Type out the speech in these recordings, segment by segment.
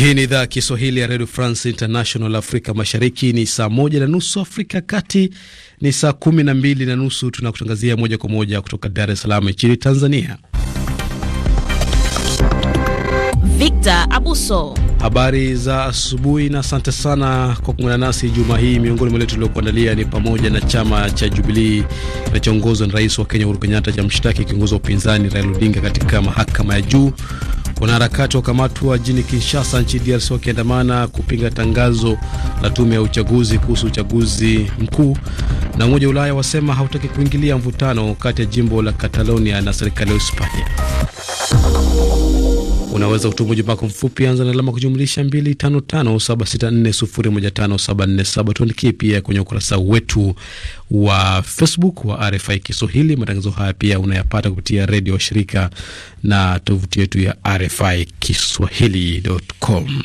Hii ni idhaa ya Kiswahili ya redio France International. Afrika mashariki ni saa moja na nusu, Afrika kati ni saa kumi na mbili na nusu. Tunakutangazia moja kwa moja kutoka Dar es Salaam nchini Tanzania. Victor Abuso, habari za asubuhi na asante sana kwa kuungana nasi juma hii. Miongoni mwa letu tuliokuandalia ni pamoja na chama cha Jubilii kinachoongozwa na rais wa Kenya Uhuru Kenyatta cha mshtaki kiongozi wa upinzani Raila Odinga katika mahakama ya juu Wanaharakati wakamatwa jini Kinshasa nchini DRC wakiandamana kupinga tangazo la tume ya uchaguzi kuhusu uchaguzi mkuu. Na Umoja wa Ulaya wasema hautaki kuingilia mvutano kati ya jimbo la Katalonia na serikali ya Hispania. Unaweza kutuma ujumbe wako mfupi, anza na alama kujumlisha 255764015747. Tuandikie pia kwenye ukurasa wetu wa Facebook wa RFI Kiswahili. Matangazo haya pia unayapata kupitia redio shirika na tovuti yetu ya RFI Kiswahili.com.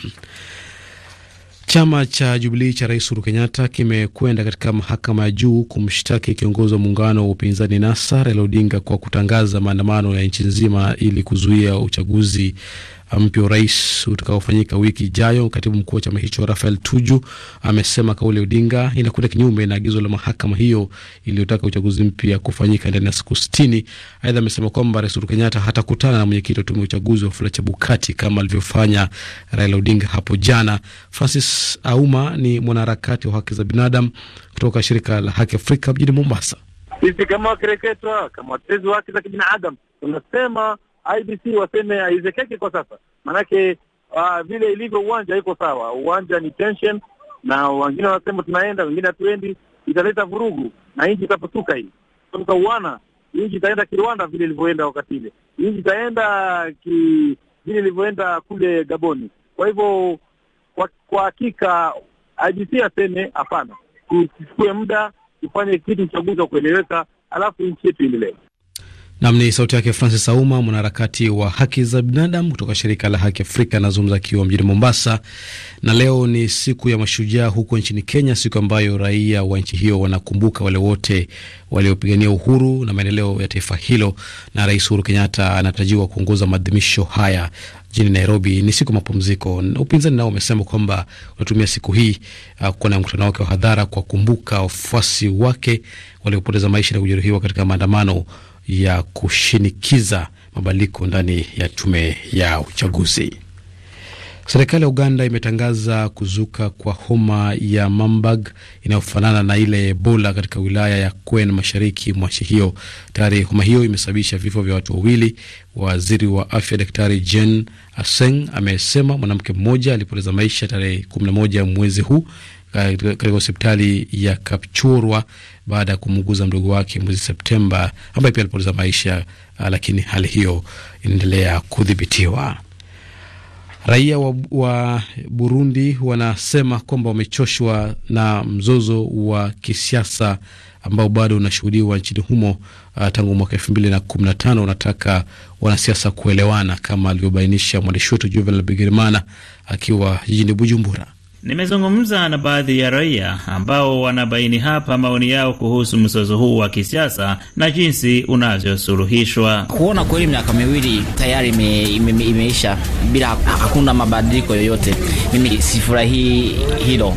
Chama cha Jubilii cha Rais Uhuru Kenyatta kimekwenda katika mahakama ya juu kumshtaki kiongozi wa muungano wa upinzani NASA Raila Odinga kwa kutangaza maandamano ya nchi nzima ili kuzuia uchaguzi mpya urais utakaofanyika wiki ijayo. Katibu mkuu wa chama hicho Rafael Tuju amesema kauli ya Odinga inakwenda kinyume na agizo la mahakama hiyo iliyotaka uchaguzi mpya kufanyika ndani ya siku sitini. Aidha amesema kwamba Rais Uhuru Kenyatta hatakutana na mwenyekiti wa tume ya uchaguzi Wafula Chebukati kama alivyofanya Raila Odinga hapo jana. Francis Auma ni mwanaharakati wa haki za binadamu kutoka shirika la Haki Afrika mjini Mombasa. Sisi kama wakereketwa, kama watetezi wa haki za kibinadamu tunasema IBC waseme haiwezekeki kwa sasa, maanake uh, ah, vile ilivyo uwanja iko sawa, uwanja ni tension, na wengine wanasema tunaenda, wengine hatuendi, italeta vurugu na nchi itapotuka hii tutauana. Nchi itaenda kirwanda vile ilivyoenda wakati ile, nchi itaenda ki vile ilivyoenda kule Gaboni. Kwa hivyo kwa kwa hakika IBC aseme hapana, tuchukue muda tufanye kitu, uchaguzi wa kueleweka, alafu nchi yetu iendelee. Nam ni sauti yake Francis Auma, mwanaharakati wa haki za binadamu kutoka shirika la Haki Afrika, anazungumza akiwa mjini Mombasa. Na leo ni siku ya mashujaa huko nchini Kenya, siku ambayo raia wa nchi hiyo wanakumbuka wale wote waliopigania uhuru na maendeleo ya taifa hilo, na Rais Uhuru Kenyatta anatarajiwa kuongoza maadhimisho haya jini Nairobi. Ni siku ya mapumziko. Upinzani nao umesema kwamba unatumia siku hii uh, kuwa na mkutano wake wa hadhara kwa kumbuka wafuasi wake waliopoteza maisha na kujeruhiwa katika maandamano ya kushinikiza mabadiliko ndani ya tume ya uchaguzi. Serikali ya Uganda imetangaza kuzuka kwa homa ya mambag inayofanana na ile ya Ebola katika wilaya ya Kwen mashariki mwa nchi hiyo. Tayari homa hiyo imesababisha vifo vya watu wawili. Waziri wa afya Daktari Jane Aseng amesema mwanamke mmoja alipoteza maisha tarehe 11 mwezi huu Eh, katika hospitali ya Kapchorwa baada ya kumuuguza mdogo wake mwezi Septemba, ambaye pia alipoteza maisha, eh, lakini hali hiyo inaendelea kudhibitiwa. Raia wa, wa Burundi wanasema kwamba wamechoshwa na mzozo wa kisiasa ambao bado unashuhudiwa nchini humo uh, tangu mwaka elfu mbili na kumi na tano. Wanataka wanasiasa kuelewana kama alivyobainisha mwandishi wetu Juvenal Bigirimana akiwa jijini Bujumbura. Nimezungumza na baadhi ya raia ambao wanabaini hapa maoni yao kuhusu mzozo huu wa kisiasa na jinsi unavyosuluhishwa. Kuona kweli miaka miwili tayari ime, ime, ime, imeisha bila hakuna mabadiliko yoyote, mimi sifurahii hilo.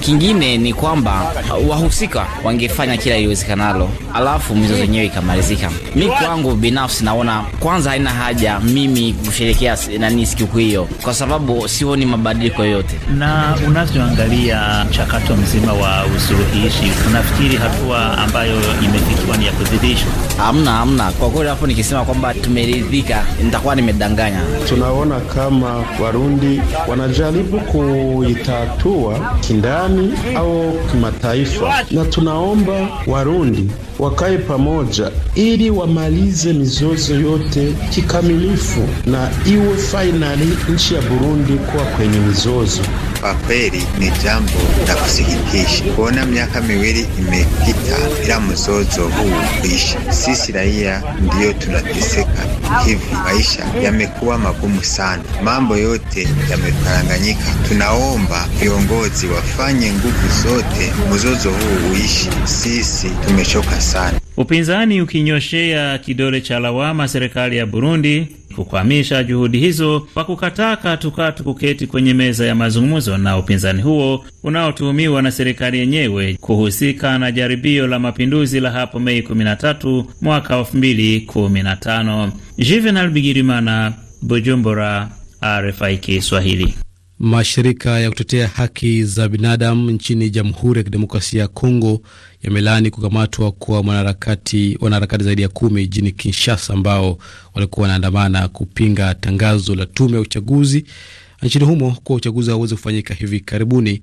Kingine ni kwamba wahusika wangefanya kila iliwezekanalo, alafu mizozo yenyewe ikamalizika. Mi kwangu binafsi naona kwanza haina haja mimi kusherekea nani sikukuu hiyo, kwa sababu sioni mabadiliko yoyote na unavyoangalia mchakato mzima wa usuluhishi, unafikiri hatua ambayo imefikiwa ni ya kuridhisha? Hamna, hamna. Kwa kweli, hapo nikisema kwamba tumeridhika nitakuwa nimedanganya. Tunaona kama Warundi wanajaribu kuitatua kindani au kimataifa, na tunaomba Warundi wakae pamoja ili wamalize mizozo yote kikamilifu na iwe fainali nchi ya Burundi kuwa kwenye mizozo kwa kweli ni jambo la kusikitisha kuona miaka miwili imepita bila mzozo huu kuisha. Sisi raia ndiyo tunateseka hivi, maisha yamekuwa magumu sana, mambo yote yamekaranganyika Tunaomba viongozi wafanye nguvu zote mzozo huu uishi, sisi tumechoka sana. Upinzani ukinyoshea kidole cha lawama serikali ya Burundi kukwamisha juhudi hizo kwa kukataa katukatu kuketi kwenye meza ya mazungumzo na upinzani huo unaotuhumiwa na serikali yenyewe kuhusika na jaribio la mapinduzi la hapo Mei 13 mwaka 2015. Juvenal Bigirimana, Bujumbura, RFI Kiswahili. Mashirika ya kutetea haki za binadamu nchini Jamhuri ya Kidemokrasia ya Kongo yamelaani kukamatwa kwa wanaharakati zaidi ya kumi jijini Kinshasa ambao walikuwa wanaandamana kupinga tangazo la tume ya uchaguzi nchini humo kuwa uchaguzi hauwezi kufanyika hivi karibuni.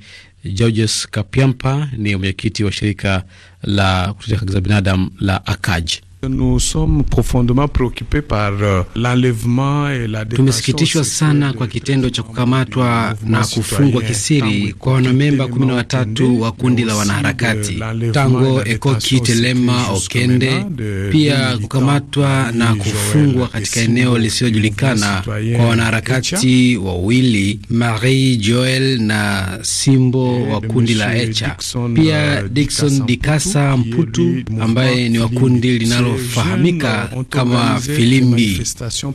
Georges Kapiampa ni mwenyekiti wa shirika la kutetea haki za binadamu la acaj Nous sommes profondément par euh, l'enlèvement et la tumesikitishwa sana kwa kitendo cha kukamatwa na kufungwa kisiri kwa wanamemba kumi na watatu wa kundi la wanaharakati Tango Ekoki Telema Okende, pia kukamatwa na kufungwa katika eneo lisiyojulikana kwa wanaharakati wawili Marie Joel na Simbo wa kundi la Echa, pia euh, Dikson Dikasa Mputu ambaye ni wa kundi linalo linalofahamika kama Filimbi.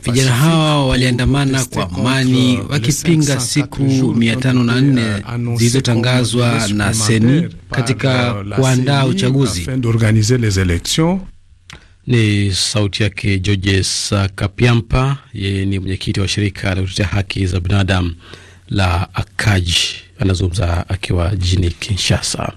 Vijana hawa waliandamana kwa amani euh, wakipinga siku 504 euh, zilizotangazwa na seni katika euh, kuandaa uchaguzi. Ni sauti yake Georges Kapiampa, yeye ni mwenyekiti wa shirika la kutetea haki za binadamu la akaji anazungumza akiwa jijini Kinshasa.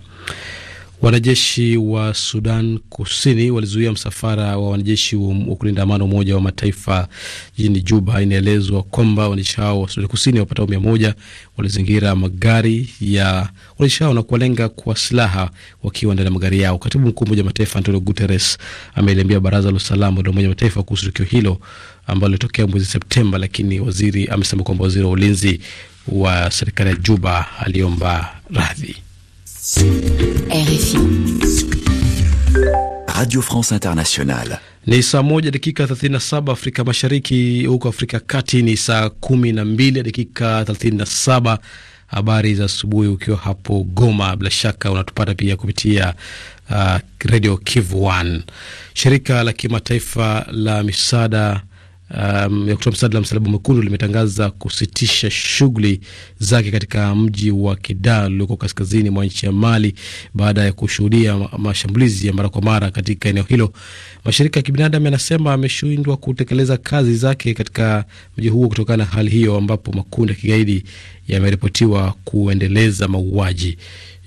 Wanajeshi wa Sudan Kusini walizuia msafara wa wanajeshi wa kulinda amani Umoja wa Mataifa jijini Juba. Inaelezwa kwamba wanajeshi hao wa Sudan Kusini wapatao mia moja walizingira magari ya wanajeshi hao na kuwalenga kwa silaha wakiwa ndani ya magari yao. Katibu mkuu Umoja wa Mataifa Antonio Guterres ameliambia Baraza la Usalama la Umoja wa Mataifa kuhusu tukio hilo ambalo lilitokea mwezi Septemba, lakini waziri amesema kwamba waziri wa ulinzi wa serikali ya Juba aliomba radhi. RFI Radio France Internationale. Ni saa moja dakika 37 Afrika Mashariki, huko Afrika Kati ni saa kumi na mbili dakika 37. Habari za asubuhi ukiwa hapo Goma, bila shaka unatupata pia kupitia uh, Radio Kivu 1. Shirika la kimataifa la misaada um, ya kutoa msaada la Msalaba Mwekundu limetangaza kusitisha shughuli zake katika mji wa Kidal ulioko kaskazini mwa nchi ya Mali baada ya kushuhudia mashambulizi ya mara kwa mara katika eneo hilo. Mashirika ya kibinadamu yanasema ameshindwa kutekeleza kazi zake katika mji huo kutokana na hali hiyo, ambapo makundi ya kigaidi yameripotiwa kuendeleza mauaji.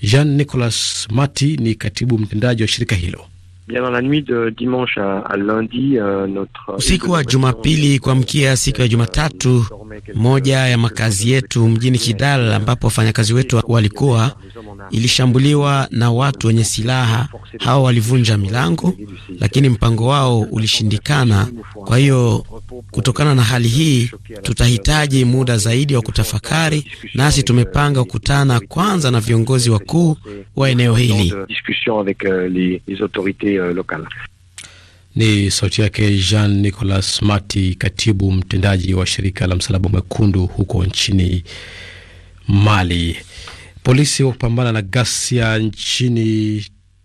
Jean Nicolas Mati ni katibu mtendaji wa shirika hilo. Bien dans la nuit de dimanche à, à lundi, euh, notre usiku wa Jumapili kuamkia siku ya Jumatatu, moja ya makazi yetu mjini Kidal euh, ambapo wafanyakazi wetu walikuwa ilishambuliwa na watu wenye silaha. Hao walivunja milango, lakini mpango wao ulishindikana. Kwa hiyo kutokana na hali hii, tutahitaji muda zaidi wa kutafakari, nasi tumepanga euh, kukutana kwanza na viongozi wakuu wa eneo hili jamii uh, lokal. Ni sauti yake Jean Nicolas Mati, katibu mtendaji wa shirika la Msalaba Mwekundu huko nchini Mali. Polisi wa kupambana na ghasia nchini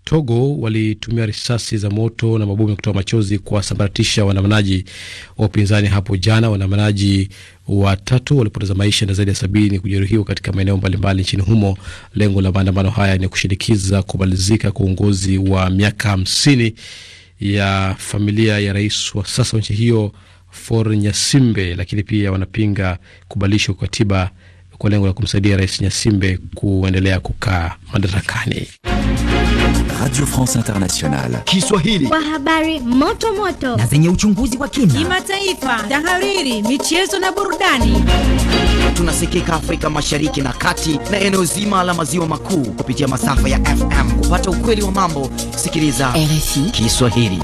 Togo walitumia risasi za moto na mabomu ya kutoa machozi kuwasambaratisha waandamanaji wa upinzani hapo jana. Waandamanaji watatu walipoteza maisha na zaidi ya sabini kujeruhiwa katika maeneo mbalimbali nchini humo. Lengo la maandamano haya ni kushinikiza kumalizika kwa uongozi wa miaka hamsini ya familia ya rais wa sasa wa nchi hiyo For Nyasimbe, lakini pia wanapinga kubadilishwa kwa katiba kwa lengo la kumsaidia Rais Nyasimbe kuendelea kukaa madarakani. Radio France Internationale Kiswahili, kwa habari moto moto na zenye uchunguzi wa kina, kimataifa, tahariri, michezo na burudani. Tunasikika Afrika Mashariki na Kati na eneo zima la maziwa makuu kupitia masafa ya FM. Kupata ukweli wa mambo, sikiliza RFI Kiswahili.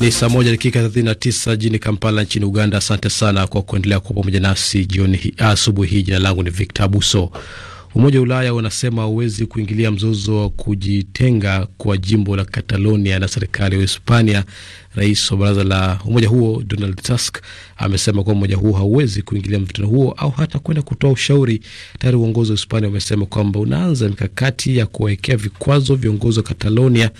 Ni saa moja dakika 39 jini Kampala nchini Uganda. Asante sana kwa kuendelea kuwa pamoja nasi jioni, asubuhi hii. Jina langu ni Victor Abuso. Umoja wa Ulaya unasema hauwezi kuingilia mzozo wa kujitenga kwa jimbo la Catalonia na serikali ya Hispania. Rais wa baraza la umoja huo Donald Tusk amesema kuwa umoja huo hauwezi kuingilia mvutano huo au hata kwenda kutoa ushauri. Tayari uongozi wa Hispania umesema kwamba unaanza mikakati ya kuwawekea vikwazo viongozi wa Catalonia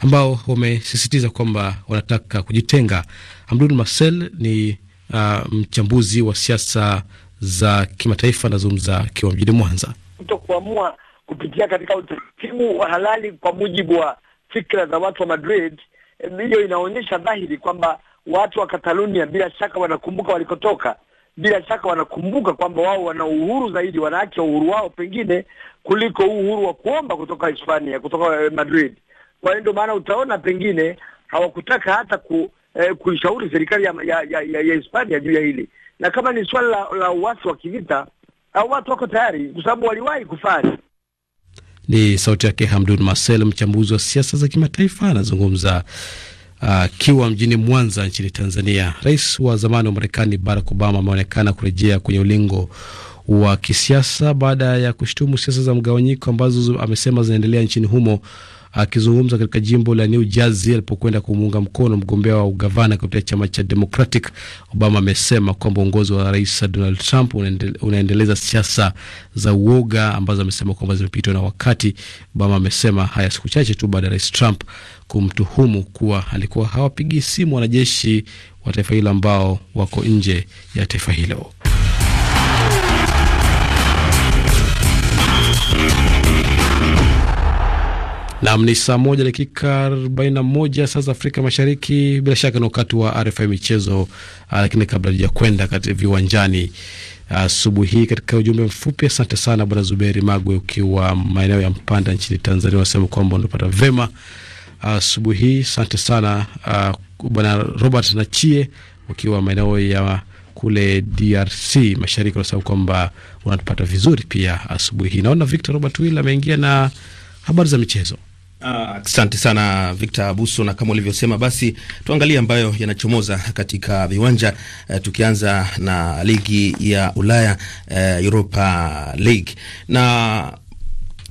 ambao wamesisitiza kwamba wanataka kujitenga. Abdul Marcel ni uh, mchambuzi wa siasa za kimataifa, anazungumza akiwa mjini Mwanza kutokuamua kupitia katika utaratibu wa halali kwa mujibu wa fikra za watu wa Madrid, eh, hiyo inaonyesha dhahiri kwamba watu wa Katalunia bila shaka wanakumbuka walikotoka, bila shaka wanakumbuka kwamba wao wana uhuru zaidi, wanaacha uhuru wao pengine kuliko uhuru wa kuomba kutoka Hispania, kutoka eh, Madrid. Kwa hiyo ndio maana utaona pengine hawakutaka hata ku, eh, kuishauri serikali ya, ya, ya, ya Hispania juu ya hili, na kama ni swala la, la uasi wa kivita au watu wako tayari, kwa sababu waliwahi kufanya. Ni sauti yake Hamdun Marcel, mchambuzi wa siasa za kimataifa, anazungumza ah, akiwa uh, mjini Mwanza nchini Tanzania. Rais wa zamani wa Marekani Barack Obama ameonekana kurejea kwenye ulingo wa kisiasa baada ya kushtumu siasa za mgawanyiko ambazo amesema zinaendelea nchini humo akizungumza katika jimbo la New Jersey alipokwenda kumuunga mkono mgombea wa ugavana kupitia chama cha Democratic. Obama amesema kwamba uongozi wa Rais Donald Trump unaendeleza siasa za uoga ambazo amesema kwamba zimepitwa na wakati. Obama amesema haya siku chache tu baada ya Rais Trump kumtuhumu kuwa alikuwa hawapigi simu wanajeshi wa taifa hilo ambao wako nje ya taifa hilo. Nam ni saa moja dakika arobaini na moja saa za Afrika Mashariki. Bila shaka ni wakati wa RFI michezo, ah, lakini kabla ya kwenda viwanjani ah, asubuhi hii katika ujumbe mfupi, asante sana Bwana Zuberi Magwe ukiwa maeneo ya Mpanda nchini Tanzania, unasema kwamba unapata vema ah, asubuhi hii. Asante sana Bwana Robert Nachie ukiwa maeneo ya kule DRC mashariki, unasema kwamba unatupata vizuri pia asubuhi hii. Naona Victor Robert Will ameingia na habari za michezo. Ah, asante uh, sana Victor Abuso, na kama ulivyosema, basi tuangalie ambayo yanachomoza katika viwanja uh, tukianza na ligi ya Ulaya uh, Europa League na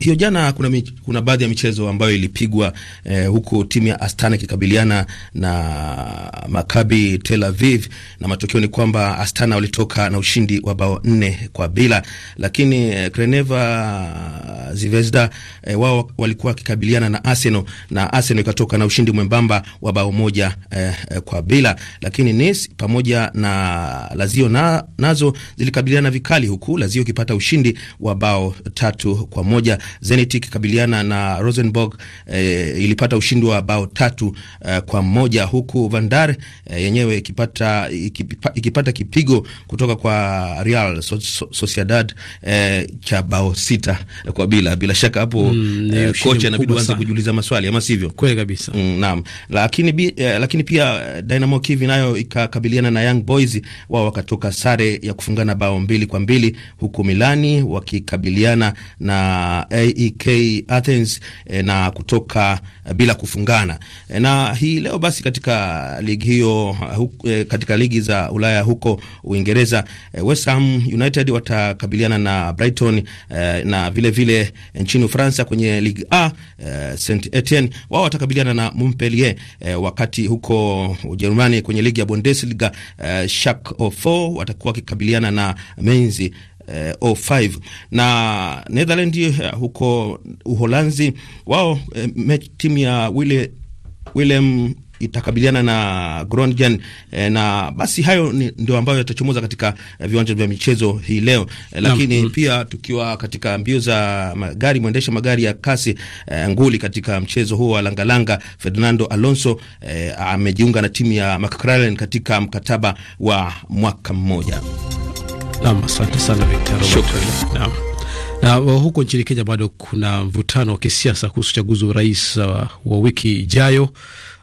hiyo jana kuna, kuna baadhi ya michezo ambayo ilipigwa eh, huku timu ya Astana ikikabiliana na Makabi Tel Aviv, na matokeo ni kwamba Astana walitoka na ushindi wa bao nne kwa bila, lakini eh, Kreneva Zvezda eh, wao walikuwa wakikabiliana na Arsenal na Arsenal ikatoka na ushindi mwembamba wa bao moja eh, eh, kwa bila, lakini Nice pamoja na Lazio na, nazo zilikabiliana vikali huku Lazio ikipata ushindi wa bao tatu kwa moja Zenit ikikabiliana na Rosenborg eh, ilipata ushindi wa bao tatu eh, kwa moja huku Vandar eh, yenyewe ikipata, ikipata, ikipata kipigo kutoka kwa Real so, so, Sociedad eh, cha bao sita kwa bila. Bila shaka hapo mm, eh, kocha inabidi uanze kujiuliza maswali ama sivyo? Kweli kabisa. Mm, naam. Lakini, bi, eh, lakini pia eh, Dynamo Kiev nayo ikakabiliana na Young Boys, wao wakatoka sare ya kufungana bao mbili kwa mbili huku Milani wakikabiliana na eh, AEK Athens e, na kutoka e, bila kufungana e, na hii leo basi katika ligi hiyo huk, e, katika ligi za Ulaya huko Uingereza e, West Ham United watakabiliana na Brighton e, na vile vile nchini Ufaransa kwenye ligi A e, Saint Etienne wao watakabiliana na Montpellier e, wakati huko Ujerumani kwenye ligi ya Bundesliga e, Schalke 04 watakuwa wakikabiliana na Mainz eh, 05 na Netherlands uh, huko Uholanzi wao eh, timu ya wile Willem itakabiliana na Groningen eh, na basi hayo ndio ambayo yatachomoza katika eh, viwanja vya michezo hii leo eh, lakini mm, pia tukiwa katika mbio za magari, mwendesha magari ya kasi eh, nguli katika mchezo huo wa langalanga Fernando Alonso eh, amejiunga na timu ya McLaren katika mkataba wa mwaka mmoja. Nam, asante sana Victor. Naam. Na huko nchini Kenya bado kuna mvutano wa kisiasa kuhusu uchaguzi wa rais uh, wa wiki ijayo.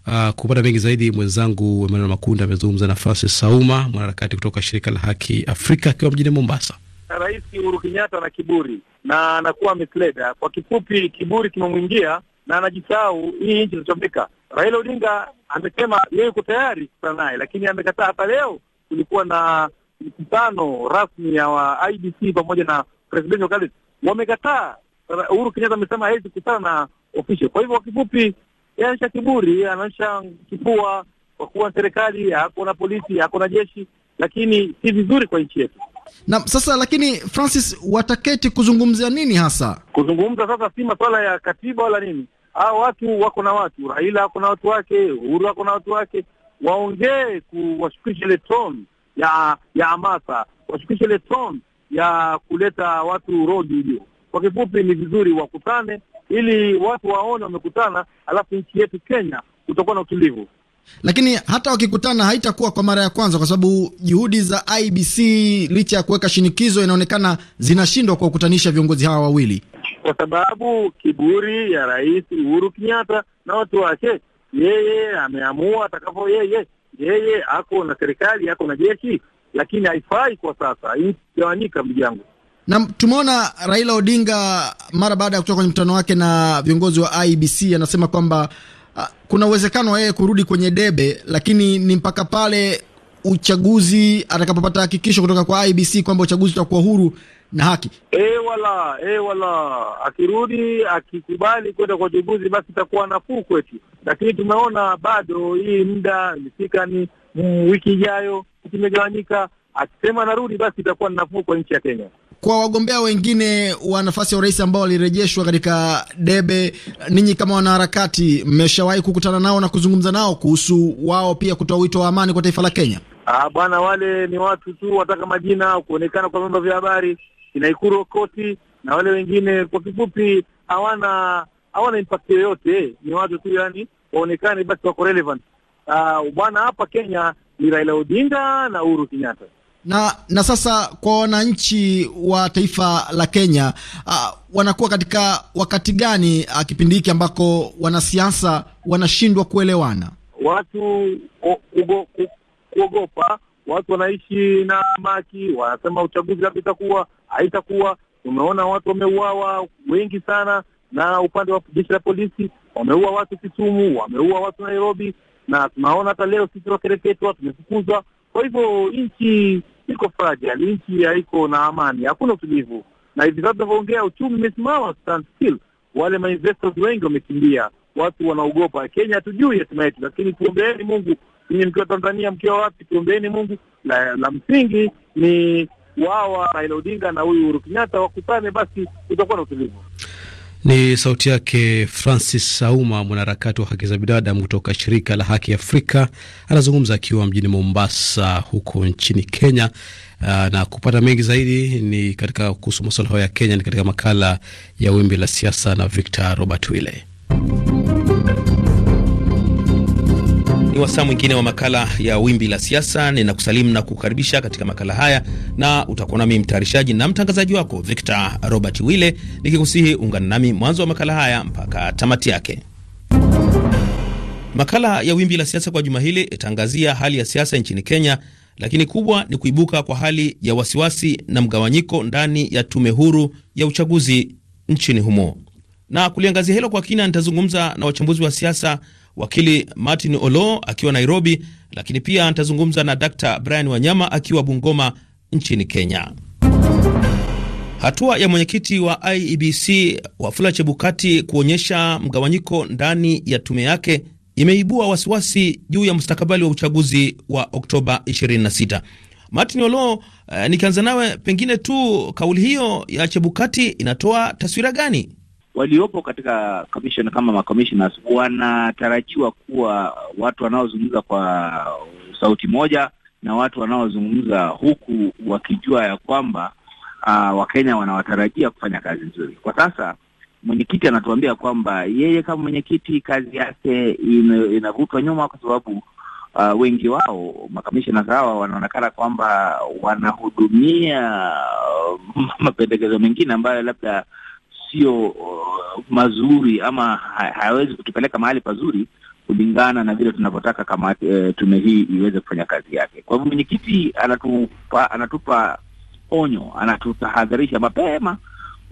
Uh, kupata mengi zaidi, mwenzangu Emmanuel Makunda amezungumza na Francis Sauma, mwanaharakati kutoka shirika la Haki Afrika, akiwa mjini Mombasa. Rais Uhuru Kenyatta na kiburi na anakuwa misleda. Kwa kifupi, kiburi kimemwingia na anajisahau hii nchi inachomeka. Raila Odinga amesema yeye yuko tayari kukutana naye, lakini amekataa. Hata leo kulikuwa na mkutano rasmi ya wa IDC pamoja na Presidential College wamekataa. Uhuru Kenyatta amesema hawezi kukutana na official. Kwa hivyo kwa kifupi, anaonyesha kiburi, anaonyesha kifua kwa kuwa serikali hako na polisi hako na jeshi, lakini si vizuri kwa nchi yetu. Na sasa lakini Francis, wataketi kuzungumzia nini hasa? Kuzungumza sasa si masuala ya katiba wala nini. Hao watu wako na watu, Raila wako na watu wake, Uhuru ako na watu wake, waongee kuwashukisha ile ya ya hamasa, washukishe ile tone ya kuleta watu road hiyo. Kwa kifupi, ni vizuri wakutane ili watu waone wamekutana, alafu nchi yetu Kenya utakuwa na utulivu. Lakini hata wakikutana haitakuwa kwa mara ya kwanza, kwa sababu juhudi za IBC licha ya kuweka shinikizo inaonekana zinashindwa kwa kukutanisha viongozi hawa wawili, kwa sababu kiburi ya Rais Uhuru Kenyatta na watu wake. Yeye ameamua atakavyo yeye yeye ako na serikali, ako na jeshi, lakini haifai kwa sasa. igawanyika ndugu Na tumeona Raila Odinga mara baada ya kutoka kwenye mkutano wake na viongozi wa IBC anasema kwamba uh, kuna uwezekano wa yeye kurudi kwenye debe, lakini ni mpaka pale uchaguzi atakapopata hakikisho kutoka kwa IBC kwamba uchaguzi utakuwa huru na haki. E wala, e wala, akirudi akikubali kwenda kwa uchunguzi, basi itakuwa nafuu kwetu, lakini tumeona bado hii muda imefika, ni wiki ijayo, kimegawanyika. Akisema narudi, basi itakuwa nafuu kwa nchi ya Kenya. Kwa wagombea wengine wa nafasi ya urais ambao walirejeshwa katika debe, ninyi kama wanaharakati mmeshawahi kukutana nao na kuzungumza nao kuhusu wao pia kutoa wito wa amani kwa taifa la Kenya? Ah, bwana, wale ni watu tu wataka majina kuonekana kwa vyombo vya habari kina Ikuru Okoti na wale wengine, kwa kifupi hawana hawana impact yoyote, eh, ni watu tu yani waonekane basi wako relevant. Uh, ah, bwana hapa Kenya ni Raila Odinga na Uhuru Kenyatta. Na na sasa kwa wananchi wa taifa la Kenya uh, wanakuwa katika wakati gani uh, kipindi hiki ambako wanasiasa wanashindwa kuelewana, watu kuogopa watu wanaishi na maki, wanasema uchaguzi labda itakuwa haitakuwa. Tumeona watu wameuawa wengi sana, na upande wa jeshi la polisi wameua watu Kisumu, wameua watu Nairobi, na tunaona hata leo sisi wakereketwa tumefukuzwa. Kwa hivyo nchi iko fragile, nchi haiko na amani, hakuna utulivu, na hivi sasa tunavyoongea uchumi umesimama standstill, wale mainvestors wengi wamekimbia, watu wanaogopa. Kenya hatujui hatima yetu, lakini tuombeeni Mungu Ninyi mkiwa Tanzania mkiwa wapi, tuombeeni Mungu. La, la msingi ni wawa Raila Odinga na huyu Uhuru Kenyatta wakutane, basi utakuwa na utulivu. Ni sauti yake Francis Sauma, mwanaharakati wa haki za binadamu kutoka shirika la Haki Afrika, anazungumza akiwa mjini Mombasa huko nchini Kenya. Ah, na kupata mengi zaidi ni katika kuhusu masuala hayo ya Kenya ni katika makala ya Wimbi la Siasa na Victor Robert Wile ni wasaa mwingine wa makala ya Wimbi la Siasa. Ninakusalimu na kukaribisha katika makala haya, na utakuwa nami mtayarishaji na mtangazaji wako Victor Robert Wille, nikikusihi ungana nami mwanzo wa makala haya mpaka tamati yake. Makala ya Wimbi la Siasa kwa juma hili itaangazia hali ya siasa nchini Kenya, lakini kubwa ni kuibuka kwa hali ya wasiwasi na mgawanyiko ndani ya tume huru ya uchaguzi nchini humo. Na kuliangazia hilo kwa kina, nitazungumza na wachambuzi wa siasa wakili Martin Olo akiwa Nairobi, lakini pia nitazungumza na Dr Brian Wanyama akiwa Bungoma nchini Kenya. Hatua ya mwenyekiti wa IEBC Wafula Chebukati kuonyesha mgawanyiko ndani ya tume yake imeibua wasiwasi juu ya mustakabali wa uchaguzi wa Oktoba 26. Martin Olo, eh, nikianza nawe, pengine tu kauli hiyo ya Chebukati inatoa taswira gani? waliopo katika commission kama makomishoners wanatarajiwa kuwa watu wanaozungumza kwa sauti moja na watu wanaozungumza huku wakijua ya kwamba uh, Wakenya wanawatarajia kufanya kazi nzuri. Kwa sasa mwenyekiti anatuambia kwamba yeye kama mwenyekiti kazi yake inavutwa nyuma kwa sababu uh, wengi wao makamishna hawa wanaonekana kwamba wanahudumia mm, mapendekezo mengine ambayo labda sio uh, mazuri ama hayawezi kutupeleka mahali pazuri kulingana na vile tunavyotaka kama uh, tume hii iweze kufanya kazi yake. Kwa hivyo mwenyekiti anatupa, anatupa onyo, anatutahadharisha mapema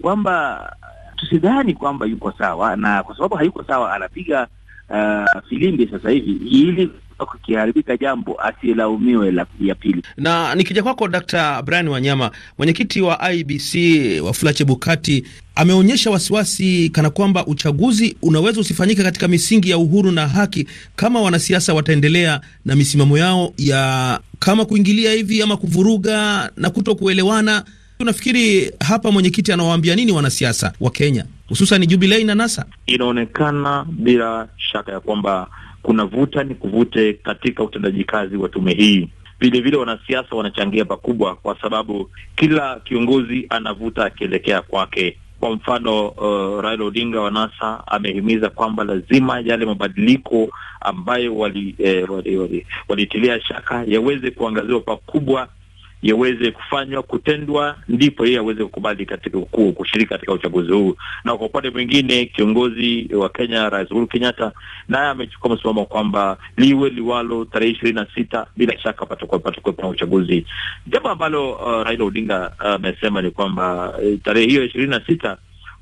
kwamba tusidhani kwamba yuko sawa, na kwa sababu hayuko sawa anapiga uh, filimbi sasa hivi ili kukiharibika jambo asilaumiwe la ya pili. Na nikija kwako Dr. Brian Wanyama, mwenyekiti wa IBC Wafula Chebukati ameonyesha wasiwasi kana kwamba uchaguzi unaweza usifanyike katika misingi ya uhuru na haki kama wanasiasa wataendelea na misimamo yao ya kama kuingilia hivi ama kuvuruga na kuto kuelewana. Unafikiri hapa mwenyekiti anawaambia nini wanasiasa wa Kenya hususan Jubilei na NASA? Inaonekana bila shaka ya kwamba kuna vuta ni kuvute katika utendaji kazi wa tume hii. Vilevile wanasiasa wanachangia pakubwa, kwa sababu kila kiongozi anavuta akielekea kwake. Kwa mfano uh, Raila Odinga wa NASA amehimiza kwamba lazima yale mabadiliko ambayo walitilia eh, wali, wali, wali shaka yaweze kuangaziwa pakubwa yaweze kufanywa kutendwa, ndipo yeye aweze kukubali katika ukuu kushiriki katika uchaguzi huu. Na kwa upande mwingine, kiongozi wa Kenya Rais Uhuru Kenyatta naye amechukua msimamo kwamba liwe liwalo, tarehe ishirini na sita bila shaka patakuwa patakuwepo na uchaguzi. Jambo ambalo uh, Raila Odinga uh, amesema uh, ni kwamba uh, tarehe hiyo ishirini na sita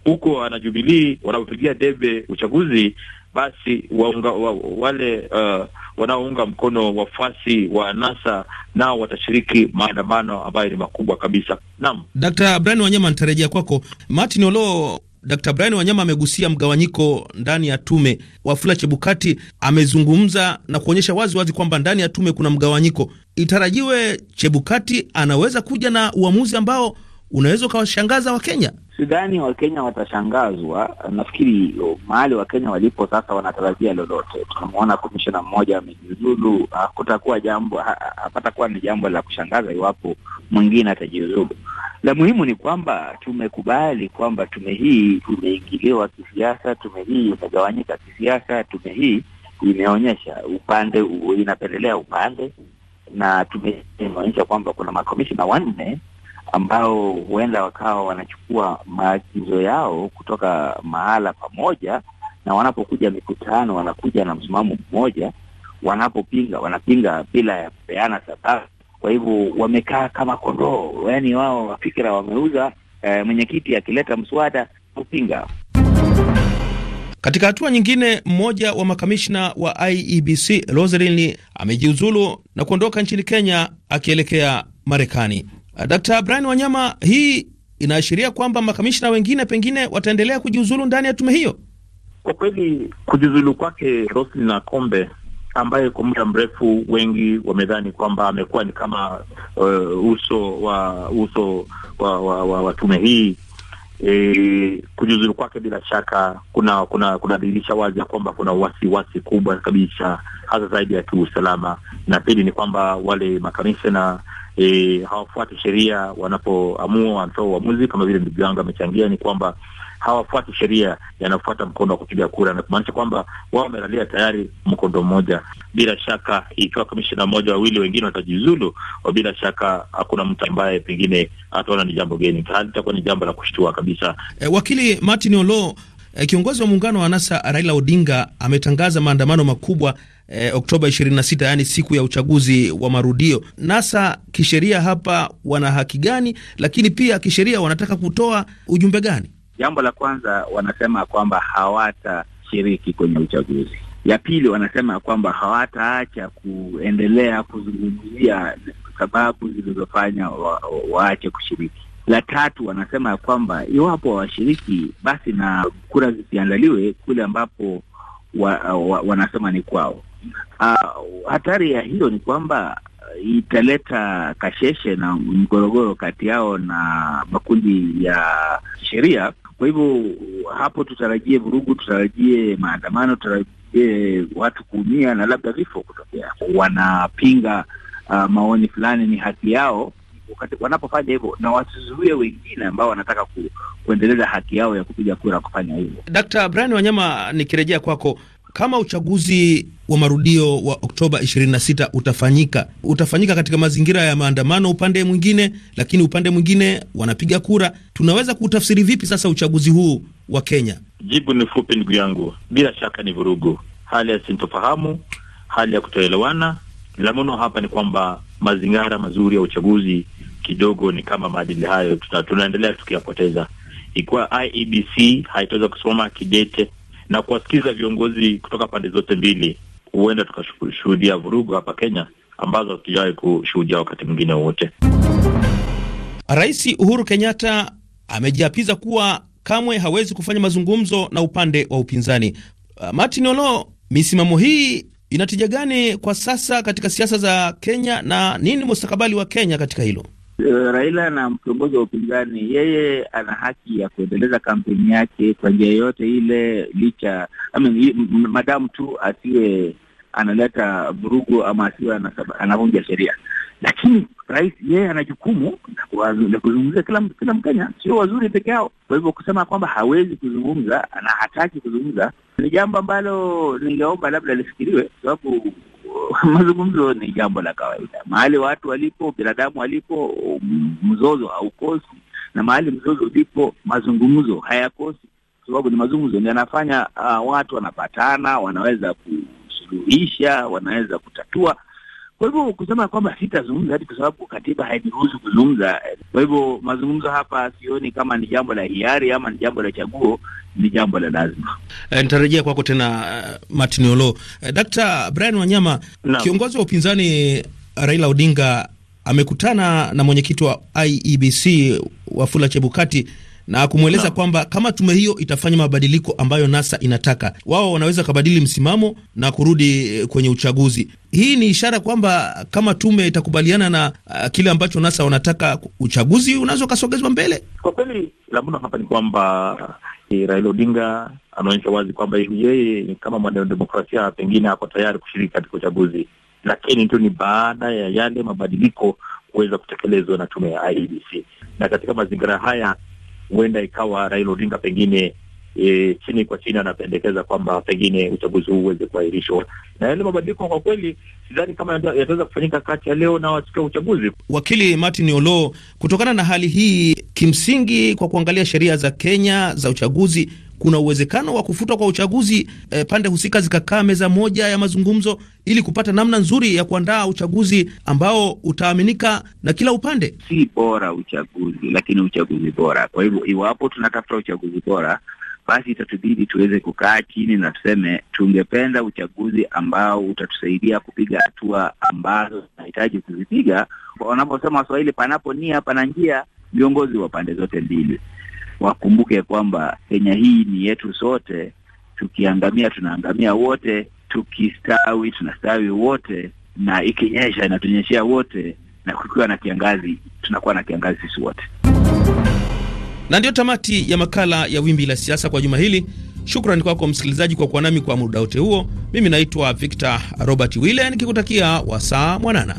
huko anajubilii wanapopigia debe uchaguzi basi waunga, wa, wale uh, wanaounga mkono wafuasi wa NASA nao watashiriki maandamano ambayo ni makubwa kabisa. Naam, Dkt. Brian Wanyama, nitarejea kwako. Martin olo Dkt. Brian Wanyama amegusia mgawanyiko ndani ya tume. Wafula Chebukati amezungumza na kuonyesha wazi wazi kwamba ndani ya tume kuna mgawanyiko. Itarajiwe Chebukati anaweza kuja na uamuzi ambao unaweza ukawashangaza Wakenya sidhani Wakenya watashangazwa. Nafikiri mahali Wakenya walipo sasa wanatarajia lolote. Tunamwona komishona mmoja amejiuzulu, hakutakuwa jambo, hapatakuwa ni jambo la kushangaza iwapo mwingine atajiuzulu. La muhimu ni kwamba tumekubali kwamba tume hii imeingiliwa kisiasa, tume hii imegawanyika kisiasa, tume hii imeonyesha upande, inapendelea upande, na tume imeonyesha kwamba kuna makomishona wanne ambao huenda wakawa wanachukua maagizo yao kutoka mahala pamoja, na wanapokuja mikutano wanakuja na msimamo mmoja, wanapopinga wanapinga bila ya kupeana sababu. Kwa hivyo wamekaa kama kondoo, yaani wao wafikira wameuza. E, mwenyekiti akileta mswada kupinga. Katika hatua nyingine, mmoja wa makamishna wa IEBC Roselyn amejiuzulu na kuondoka nchini Kenya akielekea Marekani. Uh, Dr. Brian Wanyama, hii inaashiria kwamba makamishna wengine pengine wataendelea kujiuzulu ndani ya tume hiyo. Kwa kweli kujiuzulu kwake Roslyn Akombe ambaye kwa muda mrefu wengi wamedhani kwamba amekuwa ni kama uh, uso wa uso wa, wa, wa, wa tume hii e, kujiuzulu kwake bila shaka kuna kuna kunadhihirisha wazi ya kwamba kuna wasiwasi kubwa kabisa, hasa zaidi ya kiusalama, na pili ni kwamba wale makamishna e, hawafuati sheria wanapoamua, wanatoa uamuzi kama vile ndugu yangu amechangia, ni kwamba hawafuati sheria, yanafuata mkondo wa kupiga kura, na kumaanisha kwamba wao wamelalia tayari mkondo mmoja. Bila shaka, ikiwa kamishina mmoja wawili wengine watajiuzulu, wa bila shaka hakuna mtu ambaye pengine ataona ni jambo geni, itakuwa ni jambo la kushtua kabisa. E, wakili Martin Olo Eh, kiongozi wa muungano wa NASA Raila Odinga ametangaza maandamano makubwa eh, Oktoba 26, yaani siku ya uchaguzi wa marudio. NASA kisheria hapa wana haki gani? Lakini pia kisheria wanataka kutoa ujumbe gani? Jambo la kwanza wanasema kwamba hawatashiriki kwenye uchaguzi. Ya pili wanasema kwamba hawataacha kuendelea kuzungumzia sababu zilizofanya waache wa kushiriki la tatu, wanasema ya kwamba iwapo washiriki basi na kura zisiandaliwe kule ambapo wa, wa, wanasema ni kwao. Uh, hatari ya hiyo ni kwamba italeta kasheshe na mgorogoro kati yao na makundi ya sheria. Kwa hivyo hapo tutarajie vurugu, tutarajie maandamano, tutarajie watu kuumia na labda vifo kutokea. Wanapinga uh, maoni fulani, ni haki yao wakati wanapofanya hivyo, na wasizuie wengine ambao wanataka ku, kuendeleza haki yao ya kupiga kura kufanya hivyo. Dkt. Brian Wanyama, nikirejea kwako kama uchaguzi wa marudio wa Oktoba 26 utafanyika, utafanyika katika mazingira ya maandamano upande mwingine, lakini upande mwingine wanapiga kura. Tunaweza kuutafsiri vipi sasa uchaguzi huu wa Kenya? Jibu ni fupi, ndugu yangu, bila shaka ni vurugu, hali ya sintofahamu, hali ya kutoelewana. La muno hapa ni kwamba mazingara mazuri ya uchaguzi kidogo ni kama maadili hayo tuna, tunaendelea tukiyapoteza. Ikiwa IEBC haitaweza kusimama kidete na kuwasikiza viongozi kutoka pande zote mbili, huenda tukashuhudia vurugu hapa Kenya ambazo hatujawahi kushuhudia wakati mwingine wowote. Rais Uhuru Kenyatta amejiapiza kuwa kamwe hawezi kufanya mazungumzo na upande wa upinzani. Uh, Martin Olo, misimamo hii inatija gani kwa sasa katika siasa za Kenya na nini mustakabali wa Kenya katika hilo? Eh, Raila na kiongozi wa upinzani, yeye ana haki ya kuendeleza kampeni yake kwa njia yoyote ile, licha I mean, madamu tu asiwe analeta vurugu ama asiwe anavunja sheria. Lakini rais yeye ana jukumu la kuzungumzia kila, kila Mkenya, sio wazuri peke yao. Kwa hivyo kusema kwamba hawezi kuzungumza na hataki kuzungumza ni jambo ambalo ningeomba labda lifikiriwe, sababu mazungumzo ni jambo la kawaida. Mahali watu walipo, binadamu walipo, mzozo haukosi, na mahali mzozo ulipo, mazungumzo hayakosi, kwa sababu ni mazungumzo ndio yanafanya uh, watu wanapatana, wanaweza kusuluhisha, wanaweza kutatua kwa hivyo kusema kwamba sitazungumza hadi kwa sababu katiba hainiruhusu kuzungumza. Kwa hivyo mazungumzo hapa sioni kama ni jambo la hiari ama ni jambo la chaguo, ni jambo la lazima. E, nitarejea kwako tena uh, Martin Olo. E, eh, Dkt. Brian Wanyama no. Kiongozi wa upinzani Raila Odinga amekutana na mwenyekiti wa IEBC Wafula Chebukati na kumweleza kwamba kama tume hiyo itafanya mabadiliko ambayo NASA inataka, wao wanaweza kabadili msimamo na kurudi eh, kwenye uchaguzi. Hii ni ishara kwamba kama tume itakubaliana na uh, kile ambacho NASA wanataka, uchaguzi unaweza ukasogezwa mbele. Kwa kweli la hapa ni kwamba eh, Raila Odinga anaonyesha wazi kwamba yeye kama mwanademokrasia pengine hako tayari kushiriki katika uchaguzi, lakini tu ni baada ya yale mabadiliko kuweza kutekelezwa na tume ya IEBC. Na katika mazingira haya huenda ikawa Raila Odinga pengine e, chini kwa chini anapendekeza kwamba pengine uchaguzi huu uweze kuahirishwa, na yale mabadiliko kwa kweli sidhani kama yataweza kufanyika kati ya leo na wasikia uchaguzi. Wakili Martin Olo, kutokana na hali hii, kimsingi kwa kuangalia sheria za Kenya za uchaguzi kuna uwezekano wa kufutwa kwa uchaguzi e, pande husika zikakaa meza moja ya mazungumzo ili kupata namna nzuri ya kuandaa uchaguzi ambao utaaminika na kila upande. Si bora uchaguzi, lakini uchaguzi bora. Kwa hivyo iwapo tunatafuta uchaguzi bora basi itatubidi tuweze kukaa chini na tuseme tungependa uchaguzi ambao utatusaidia kupiga hatua ambazo tunahitaji kuzipiga. Wanaposema Waswahili, panapo nia pana njia. Viongozi wa pande zote mbili wakumbuke kwamba Kenya hii ni yetu sote. Tukiangamia tunaangamia wote, tukistawi tunastawi wote, na ikinyesha inatunyeshea wote, na kukiwa na kiangazi tunakuwa na kiangazi sisi wote. Na ndiyo tamati ya makala ya Wimbi la Siasa kwa juma hili. Shukrani kwako kwa msikilizaji kwa kuwa nami kwa muda wote huo. Mimi naitwa Victor Robert Wille nikikutakia wasaa mwanana.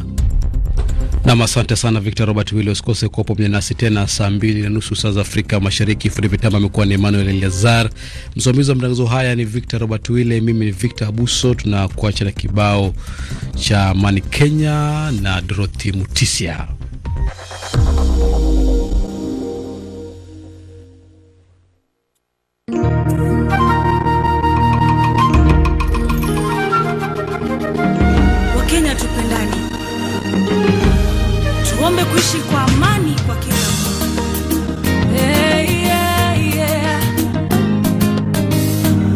Nam, asante sana Victor Robert Wille. Usikose kuwa pamoja nasi tena saa mbili na nusu saa za Afrika Mashariki. Fundi vitamba amekuwa ni Emmanuel Eliazar, msimamizi wa matangazo haya ni Victor Robert Wille, mimi ni Victor Abuso. Tunakuacha na kibao cha Mani Kenya na Dorothy Mutisia.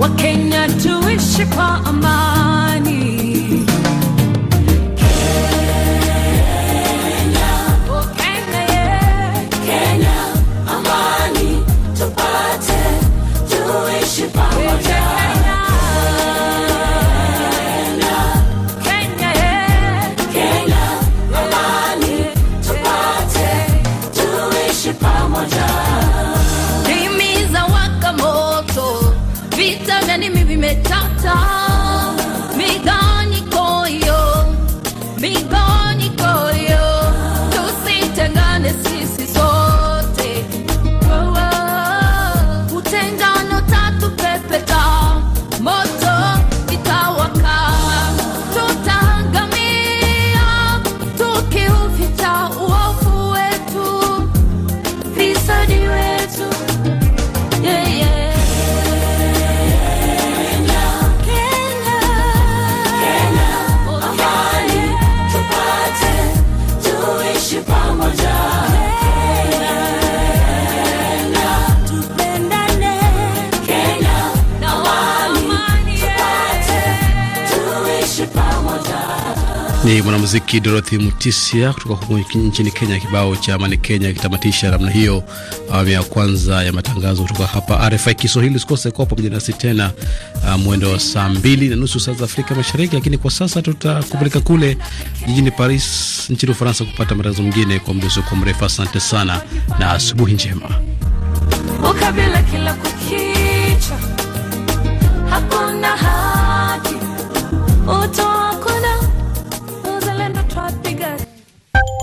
What can I do? It's my karma. Ni mwanamuziki Dorothy Mutisia kutoka huko nchini Kenya. Kibao cha Amani Kenya kitamatisha namna hiyo awamu ya kwanza ya matangazo kutoka hapa RFI Kiswahili. Usikose kuwa pamoja nasi tena uh, mwendo wa saa mbili na nusu saa za Afrika Mashariki, lakini kwa sasa tutakupeleka kule jijini Paris nchini Ufaransa kupata matangazo mengine kwa muda usiokuwa mrefu. Asante sana na asubuhi njema.